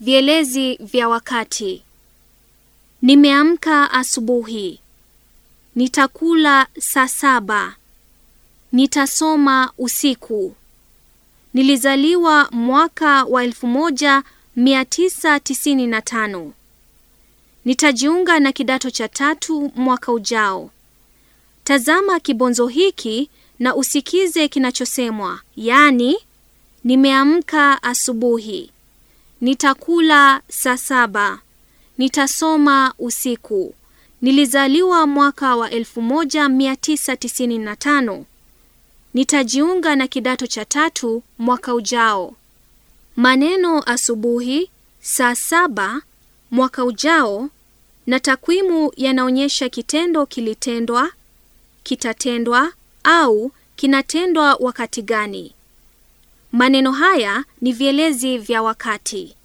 Vielezi vya wakati: nimeamka asubuhi, nitakula saa saba, nitasoma usiku. Nilizaliwa mwaka wa 1995. Nitajiunga na kidato cha tatu mwaka ujao. Tazama kibonzo hiki na usikize kinachosemwa, yaani nimeamka asubuhi. Nitakula saa saba. Nitasoma usiku. Nilizaliwa mwaka wa 1995. Nitajiunga na kidato cha tatu mwaka ujao. Maneno asubuhi, saa saba, mwaka ujao na takwimu yanaonyesha kitendo kilitendwa, kitatendwa au kinatendwa wakati gani. Maneno haya ni vielezi vya wakati.